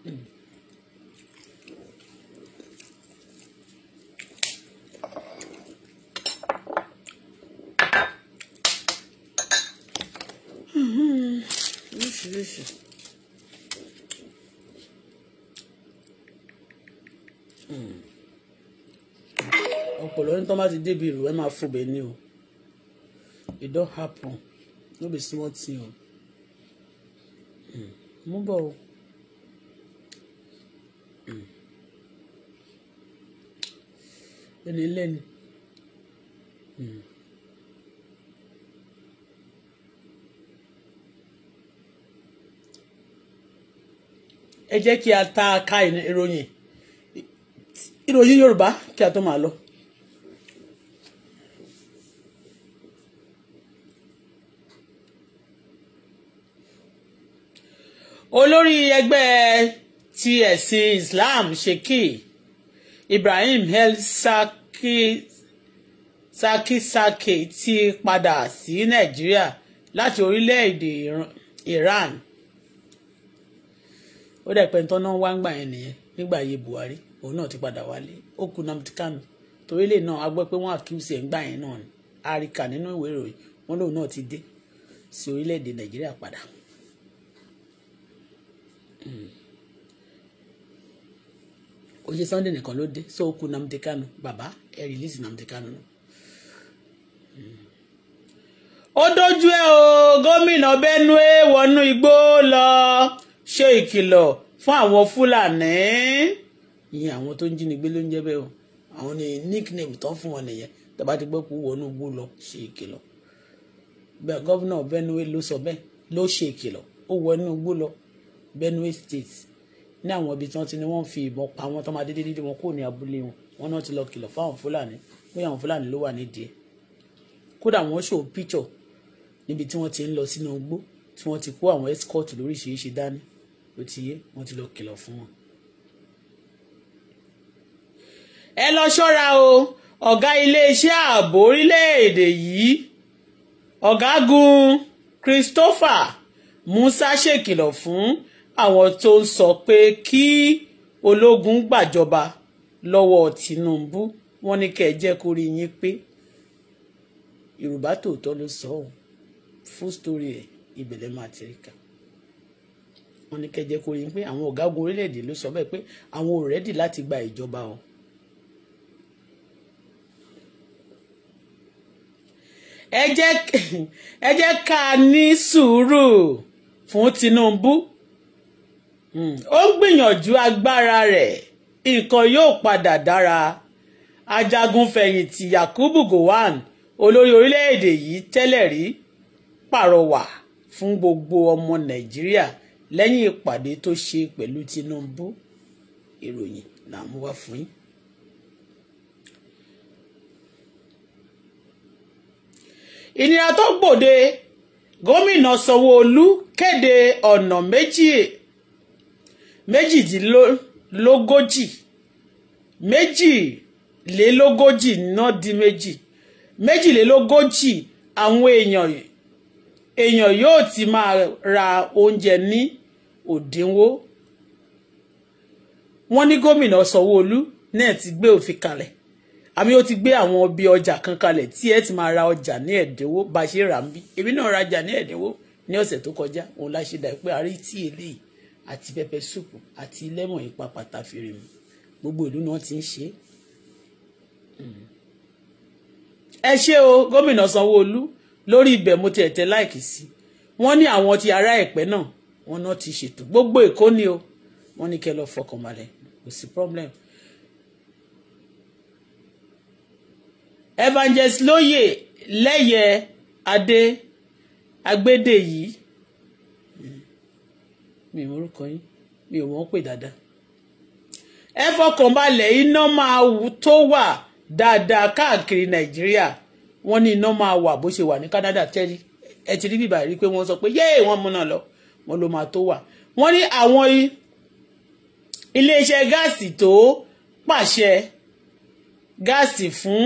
Mm. oríṣiríṣi. ọ̀pọ̀lọ́ ní tó bá ti débi ìrù ẹ máa fòbẹ̀ ni o it don happen no be small thing o hmm. mú bọ̀ o. Hmm. ẹni lẹ́ni. Mm. ẹ jẹ́ kí a ta ka ìròyìn ìròyìn Yorùbá kí a tó máa lọ. olórí ẹgbẹ́ ti ẹ̀sìn Islam sheki Ibrahim El Sakisake ti padà sí Nàìjíríà láti orílẹ̀-èdè Iran. Iran ó dẹ̀ pé ntọ́nà wá ń gbà yẹn nìyẹn nígbà yẹ Buhari òun náà ti padà wálé ó kú Nnamdi Kanu torí lè náà a gbọ́ pé wọ́n àkíyèsí ẹ̀ ń gbà yẹn náà ni nínú ìwé ìròyìn wọn lòun náà ti dé sí orílẹ̀-èdè Nàìjíríà padà. oye hmm. Sunday nìkan ló so ó kú Kanu bàbá rìlíìsì namdi Kanu náà hmm. ó o gómìnà Benue wọnú igbó lọ ṣe ìkìlọ̀ fún àwọn fúlàní ìyẹn àwọn tó ń jínigbé ló ń jẹ́ bẹ́ẹ̀ o àwọn ni nickname tán fún wọn nìyẹn tàbá ti gbọ́ pé wọnú igbó lọ ṣe ìkìlọ̀ bẹ́ẹ̀ gọ́vnà Benue ló sọ bẹ́ẹ̀ ló ṣe ìkìlọ̀ ó wọnú igbó lọ Benue state ní àwọn ibi tí wọ́n ti ní wọ́n fi ìbọn pa wọn tó máa dédé dídí wọn kúrò ní abúlé wọn wọn náà ti lọ kìlọ̀ fáwọn fúlàní pé àwọn fúlàní ló wà nídìí ẹ̀ kódà wọ́n ṣòwò píchọ̀ níbi tí wọ́n ti ń lọ sínú igbó tí wọ́n ti kó àwọn escort lóríṣiríṣi dání ó ti yé wọ́n ti lọ kìlọ̀ fún wọn. ẹ lọ ṣọ́ra o ọ̀gá iléeṣẹ́ ààbò orílẹ̀-èdè yìí ọ̀gágun Christopher Musa ṣèkìlọ̀ fún àwọn tó ń sọ pé kí ológun gbàjọba lọ́wọ́ Tinubu wọ́n ní kẹ́ ẹ jẹ́ kó rí yín pé Yorùbá tòótọ́ ló sọ ọ́ fún sítórì ẹ̀ ìbẹ̀lẹ̀ máa wọ́n ní kẹjẹ kó yín pé àwọn ọ̀gágun orílẹ̀-èdè ló sọ bẹ́ẹ̀ pé àwọn ò rẹ́dì láti gba ìjọba o. ẹ jẹ́ ká ní sùúrù fún Tinubu hmm, ó ń gbìyànjú agbára rẹ̀ nǹkan yóò padà dára ajagunfẹ̀yìntì Yakubu Gowon olórí orílẹ̀-èdè yìí tẹ́lẹ̀ rí pàrọwà fún gbogbo ọmọ Nàìjíríà lẹ́yìn ìpàdé tó ṣe pẹ̀lú Tinubu ìròyìn na ń wá fún yín. ìnira tó gbòde gómìnà Sanwó-Olú kéde ọ̀nà méjì méjìdínlógójì méjìlélógójì náà di méjì méjìlélógójì àwọn èèyàn èèyàn yóò ti máa ra oúnjẹ ní òdínwó wọ́n ní gómìnà sanwóolu náà ti gbé òfin kalẹ̀ àmì ó ti gbé àwọn ibi ọjà kan kalẹ̀ tí ẹ ti máa ra ọjà ní ẹ̀dínwó bá a ṣe rà ń bí èmi náà rajà ní ẹ̀dínwó ní ọ̀sẹ̀ tó kọjá òun la ṣe dà pé àárí tí eléyìí àti pẹpẹ súpù àti lẹ́mọ̀n ipa pàtàfìrì mu gbogbo ìlú náà ti ń ṣe é. ẹ ṣé o gómìnà sanwóolu lórí ibẹ̀ mo ti ẹ̀tẹ́ láìkì sí wọ́n ní àwọn ti ará ẹ̀pẹ́ náà wọn náà ti ṣètò gbogbo èkó ni o wọn ní kẹ́ lọ fọkàn kò problem. evangelist lóye lẹ́yẹ adé agbédè yìí hmm. mi ò yín mi ò wọ́n pè dáadáa wà dáadáa káàkiri nàìjíríà wọ́n ní iná máa wà wà ní Canada tẹ́lí wọ́n ló máa tó wà wọ́n ní àwọn iléeṣẹ́ gáàsì tó pàṣẹ gáàsì fún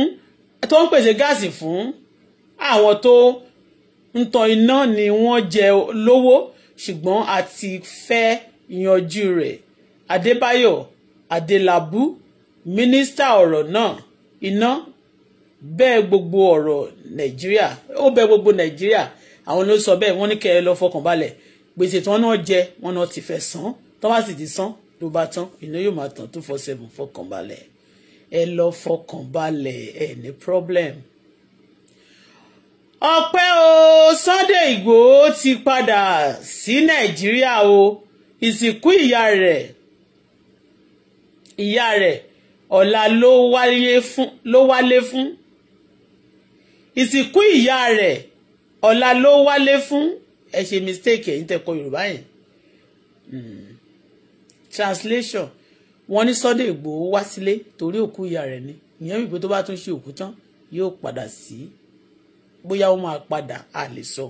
tó ń pèsè gáàsì fún àwọn tó ń tan iná ni wọ́n jẹ lówó ṣùgbọ́n a ti fẹ́ yanjú rẹ̀ Adébáyọ̀ Adélabú mínísítà ọ̀rọ̀ náà iná bẹ́ẹ̀ gbogbo ọ̀rọ̀ Nàìjíríà ó bẹ gbogbo Nàìjíríà àwọn ló sọ bẹ́ẹ̀ wọ́n ní kẹ́ ẹ lọ fọkàn balẹ̀ gbèsè tí wọ́n náà jẹ wọ́n náà ti fẹ́ san tó bá sì ti san ló bá tán iná yóò máa tàn two four seven fọkàn balẹ̀ ẹ lọ fọkàn balẹ̀ ẹ ní problem. ọpẹ́ o Sunday Igboho ti padà sí Nàìjíríà o ìsìnkú ìyá rẹ̀ ìyá rẹ̀ ọ̀la ló wálé fún ìsìnkú ìyá rẹ̀ ọ̀la ló wálé fún ẹ ṣe mistake ẹ̀yin tẹ́ yorùbá yẹn hmm. translation wọn ní Sunday Igboho wá sílé torí òkú ìyá rẹ̀ ni ìyẹn wípé tó bá tún ṣe òkú tán yóò padà sí bóyá ó máa padà a lè sọ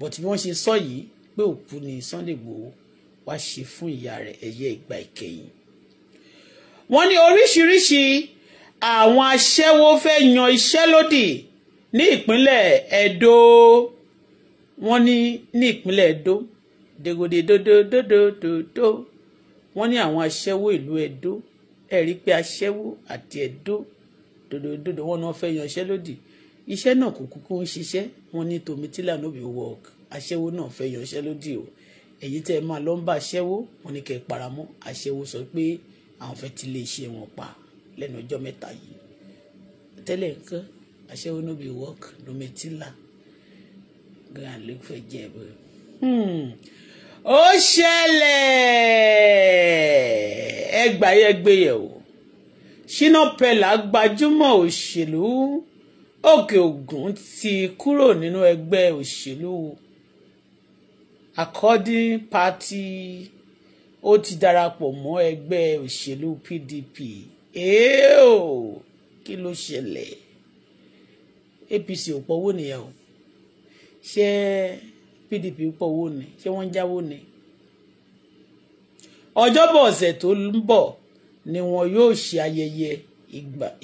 but bí wọ́n ṣe sọ yìí pé òkú ni Sunday Igboho wá ṣe fún ìyá rẹ̀ ẹ̀yẹ ìgbà ìkẹyìn wọ́n ní oríṣiríṣi àwọn aṣẹ́wó fẹ́ yan iṣẹ́ lódì ní ìpínlẹ̀ Ẹdó. E wọ́n ní ní ìpínlẹ̀ Ẹdó dègòdè dòdòdòdòdò wọ́n ní àwọn aṣẹ́wó ìlú Ẹdó ẹ rí i pé aṣẹ́wó àti Ẹdó dòdòdòdò wọ́n ní wọ́n fẹ́ yanṣẹ́ lódì iṣẹ́ náà kò kúkú ń ṣiṣẹ́ wọ́n ní Tomitila no be work aṣẹ́wó náà fẹ́ yanṣẹ́ lódì o èyí tẹ́ ẹ máa lọ ń bá aṣẹ́wó wọ́n ní kẹ́ ẹ paramọ́ aṣẹ́wó sọ pé àwọn fẹ́ ti lè ṣe wọn pa lẹ́nu ọjọ́ mẹ́ta yìí tẹ́lẹ̀ nǹkan aṣẹ́wó no be work Tomitila. No God look for Jebu. Hmm. Ó ṣẹlẹ̀ ẹgbàáyẹgbéyẹ̀wò. Ṣínà Pẹ̀lá gbajúmọ̀ òṣèlú Òkè Ògùn ti kúrò nínú ẹgbẹ́ òṣèlú According Party ó ti darapọ̀ mọ́ ẹgbẹ́ òṣèlú PDP. Èèó kí ló ṣẹlẹ̀? APC ò pọ̀wó nìyẹn o ṣé PDP pọ̀ owó ni ṣé wọ́n ń jáwó ni ọjọ́bọ̀ ọ̀sẹ̀ tó ń bọ̀ ni wọn yóò ṣe ayẹyẹ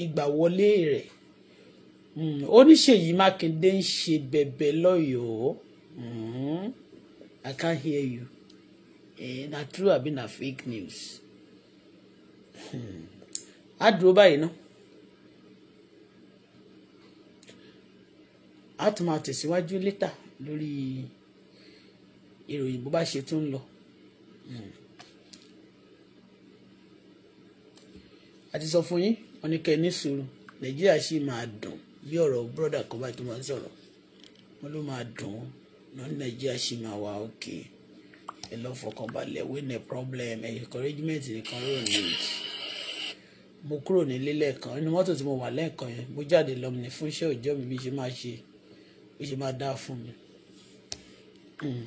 ìgbàwọlé rẹ̀ hmm, oníṣèyí mákindé ń ṣe bẹ̀bẹ̀ lọ́yọ̀ọ́ hmm, i can't hear you eh, na true abi na fake news a hmm, dúró báyìí náà. a tún máa tẹ̀síwájú létà lórí ìròyìn bó bá ṣe tún ń lọ. a ti sọ fún yín wọ́n ní kẹ́ ní sùúrù nàìjíríà sì máa dùn bí ọ̀rọ̀ bírọ̀dà kan bá tó máa ń sọ̀rọ̀ wọ́n ló máa dùn náà nàìjíríà sì máa wà òkè ẹ lọ fọkànbalẹ̀ win a problem encouragement nìkan ló ní mo kúrò nílé lẹ́ẹ̀kan inú mọ́tò tí mo wà lẹ́ẹ̀kan yẹn mo jáde lọ ní fúnṣẹ́ òjọ́ mi bí ṣe máa ṣe ó ṣe máa dáa fún mi hmm.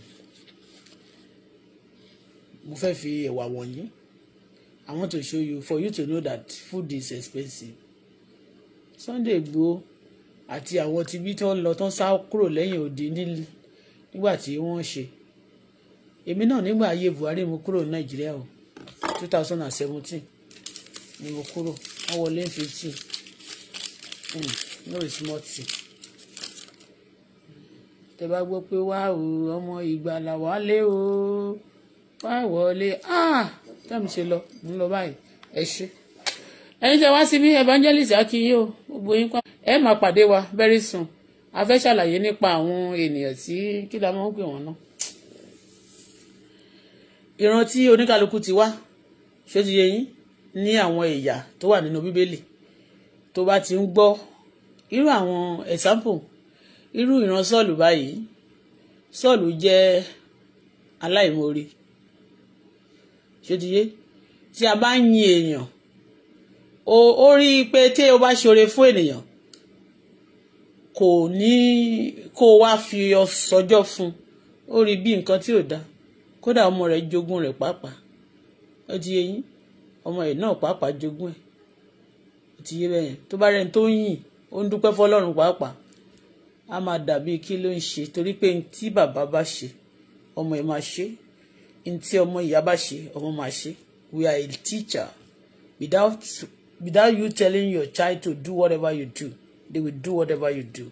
mo fẹ́ fi ẹ̀wà wọ̀nyí I want to show you for you to know that food is expensive Sunday Igboho àti àwọn tí bí tí wọ́n lọ tán sá kúrò lẹ́yìn òdi nígbà tí wọ́n ṣe èmi náà nígbà ayé Buhari mo kúrò Nàìjíríà o two thousand and seventeen ni mo kúrò wọ́n wọlé fifteen hmm. no small thing tẹ bá gbọ́ pé wá o ọmọ ìgbàlà wálé o wá wọlé ah tẹ́mi ṣe lọ mo ń lọ báyìí ẹ ṣe ẹ̀yin tẹ́ wá síbí evangelist akínyìn o gbogbo yín pa ẹ máa pàdé wa very soon a fẹ́ ṣàlàyé nípa àwọn ènìyàn tí kí la máa ń pè wọ́n náà ìran tí oníkálukú ti wá ṣé ti yé yín ní àwọn ẹ̀yà tó wà nínú bíbélì tó bá ti ń gbọ́ irú àwọn example irú ìran sọ́ọ̀lù báyìí sọ́ọ̀lù jẹ́ aláìmoore ṣòtìyé tí a bá ń yin èèyàn ó rí i pé tí o bá ṣoore fún ènìyàn kò ní kó o wá fi ọsọjọ́ fún un ó rí bí nǹkan tí ò dáa kódà ọmọ rẹ̀ jogún rẹ̀ pàápàá ó ti yé yín ọmọ rẹ̀ náà pàápàá jogún ẹ̀ ó ti yé bẹ́ẹ̀ tó bá rẹ̀ tó yìn ó ń dúpẹ́ fọlọ́run pàápàá á máa dàbí kí ló ń ṣe torí pé ní tí bàbá bá ṣe ọmọ ẹ̀ máa ṣe ní tí ọmọ ìyá bá ṣe ọmọ máa ṣe we are a teacher without without you telling your child to do whatever you do they will do whatever you do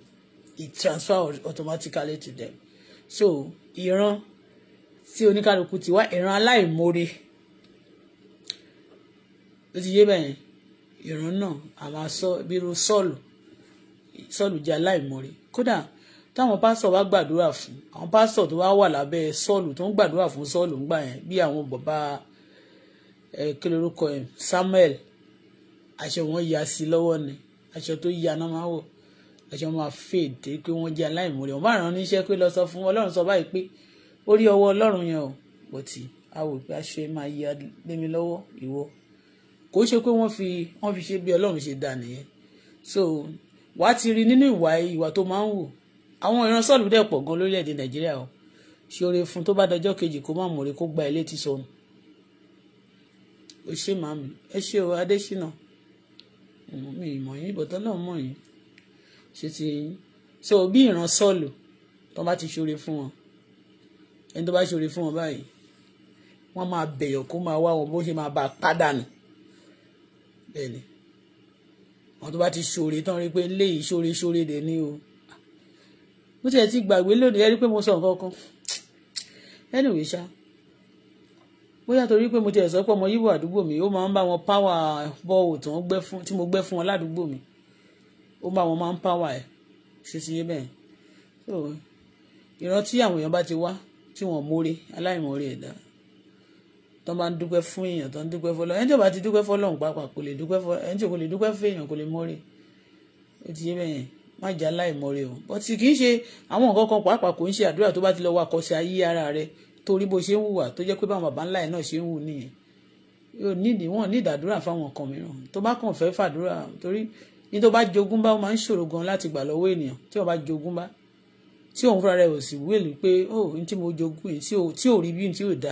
it transfer automatically to them so ìran tí oníkálukú ti wá ìran aláìmoore ó ti yé bẹ́ẹ̀ ìran náà àmọ́ sọ bírú sọ́ọ̀lù sọ́ọ̀lù jẹ́ aláìmoore kódà táwọn pásítọ̀ wá gbàdúrà fún àwọn pásítọ̀ tó wá wà lábẹ́ sọ́ọ̀lù tó ń gbàdúrà fún sọ́ọ̀lù ń gbà yẹn bí àwọn bàbá kí lorúkọ ẹ̀ Samuel aṣọ wọn ya sí lọ́wọ́ ni aṣọ tó ya náà máa wọ̀ aṣọ máa fèdè pé wọ́n jẹ́ aláìmoore wọ́n bá ràn án níṣẹ́ pé lọ sọ fún Ọlọ́run sọ báyìí pé ó rí ọwọ́ Ọlọ́run yẹn o bọ̀tì a wò aṣọ ẹ máa ya lé mi lọ́wọ́ ìwọ kò ṣe pé wọ́n fi wọ́n fi ṣe bí Ọlọ́run ṣe dà nìyẹn so wàá ti rí nínú ìwà ìwà tó máa ń wù àwọn ìran sọ́ọ̀lù dẹ̀ pọ̀ gan lórílẹ̀‐èdè nàìjíríà o ṣoore fún tó bá dọjọ́ kejì kó má mọ̀rẹ́ kó gba ilé ti sọnù o ṣe màmí ẹ ṣe o adésínà mi ìmọ̀ yín bọ̀tọ́ náà mọ̀ yín ṣe ti yín o bí ìran sọ́ọ̀lù tó bá ti ṣoore fún wọn ẹni tó bá ṣoore fún wọn báyìí wọ́n máa bẹ̀yọ̀ kó máa wá wọn bó ṣe máa bá a pádànù bẹ́ẹ̀ ni wọn tó bá ti ṣoore tán rí pé lé ìṣoore ṣoore dẹ̀ ní o mo tiẹ̀ ti gbàgbé lónìí ẹ rí pé mo sọ nǹkan kan anyway ṣá bóyá torí pé mo tiẹ̀ sọ pé ọmọ yíbo àdúgbò mi ó máa ń bá wọn páwà bọ́ọ̀wò tí mo gbẹ́ fún wọn ládùúgbò mi ó máa wọn máa ń páwà ẹ̀ ṣe ti yé bẹ́ẹ̀ ìrántí àwọn èèyàn bá ti wá tí wọ́n mórí aláìmọ̀ọ́rẹ́ ẹ̀dá tó bá ń dúpẹ́ fún èèyàn tó ń dúpẹ́ fọlọ́ ẹni tí ò bá ti dúpẹ́ fọlọ́ pàápàá kò lè dúpẹ́ fọ ẹni tí kò lè dúpẹ́ fún èèyàn kò lè mọ́rè ó ti yé bẹ́yẹn má jà láì mọ́rè o but kì í ṣe àwọn nǹkan kan pàápàá kò ń ṣe àdúrà tó bá ti lọ wá kọsí ayé ara rẹ torí bó ṣe ń hùwà tó jẹ́ pé báwọn bàbá ńlá ẹ̀ náà ṣe ń hù nìyẹn yóò nídìí wọn nídìí ní tó bá ní tí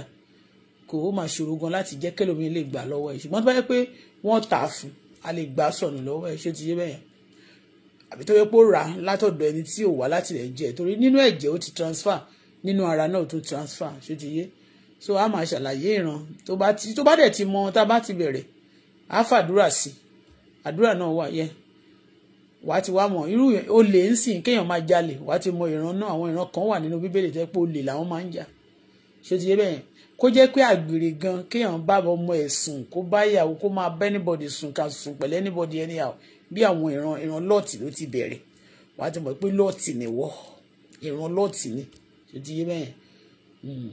kò ó máa ṣòro gan láti jẹ́ kẹlòmíín lè gbà lọ́wọ́ ẹ̀ ṣùgbọ́n tó bá yẹ pé wọ́n tà á fún a lè gbà sọ̀nù lọ́wọ́ ẹ̀ ṣé ti yé bẹ́yẹn àbí tó yẹ pé ó rà á látọ̀dọ̀ ẹni tí ò wá láti rẹ̀ jẹ́ torí nínú ẹ̀jẹ̀ ó ti transfer nínú ara náà tó transfer ṣé ti yé so a máa ṣàlàyé ìran tó bá ti tó bá dẹ̀ ti mọ tá a bá ti bẹ̀rẹ̀ á fàdúrà sí àdúrà náà wà yẹ wà á ti wá mọ̀ irú olè ń sìn kéèyàn máa jalè wà á ti mọ ìran náà àwọn ìran kan wà nínú bíbélì tẹ́ olè làwọn máa ń jà ṣé ti yé bẹ́yẹn kó jẹ́ pé àgbèrè gan kéèyàn bá ọmọ ẹ̀ sùn kó bá ìyàwó kó máa bá anybody sùn ká sùn pẹ̀lú anybody anyhow bí àwọn ìran ìran lọ́ọ̀tì ló ti bẹ̀rẹ̀ wàá ti mọ̀ pé lọ́ọ̀tì ni wọ́ ìran lọ́ọ̀tì ni tó ti yé bẹ́yẹn hmm.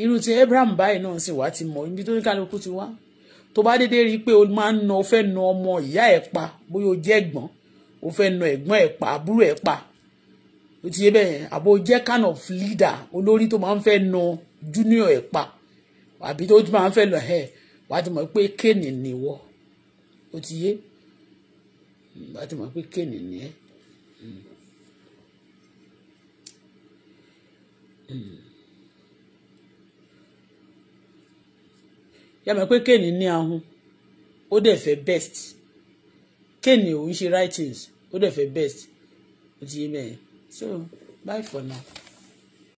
irú ti Abraham báyìí náà sì wàá ti mọ̀ ibi tó ní kálukú ti wá tó bá dédé rí i pé o máa ń na o fẹ́ na ọmọ ìyá ẹ̀ pa bóyá o jẹ́ ẹ̀gbọ́n o fẹ́ na ẹ̀gbọ́n ẹ̀ pa àbúrò ẹ̀ pa ó ti yé bẹ́ẹ̀ àbò jẹ́ kind of leader olórí tó máa ń fẹ́ na junior ẹ̀ pa àbí tó máa ń fẹ́ lọ ẹ̀ wàá ti mọ̀ pé kéènì nìwọ ó ti yé wàá ti mọ̀ pé kéènì ni ẹ́. yà mọ̀ pé kéènì ní ahun ó dẹ̀ fẹ́ best kéènì òun ṣe right things ó dẹ̀ fẹ́ best ó ti yé mẹ́rin so bye for now.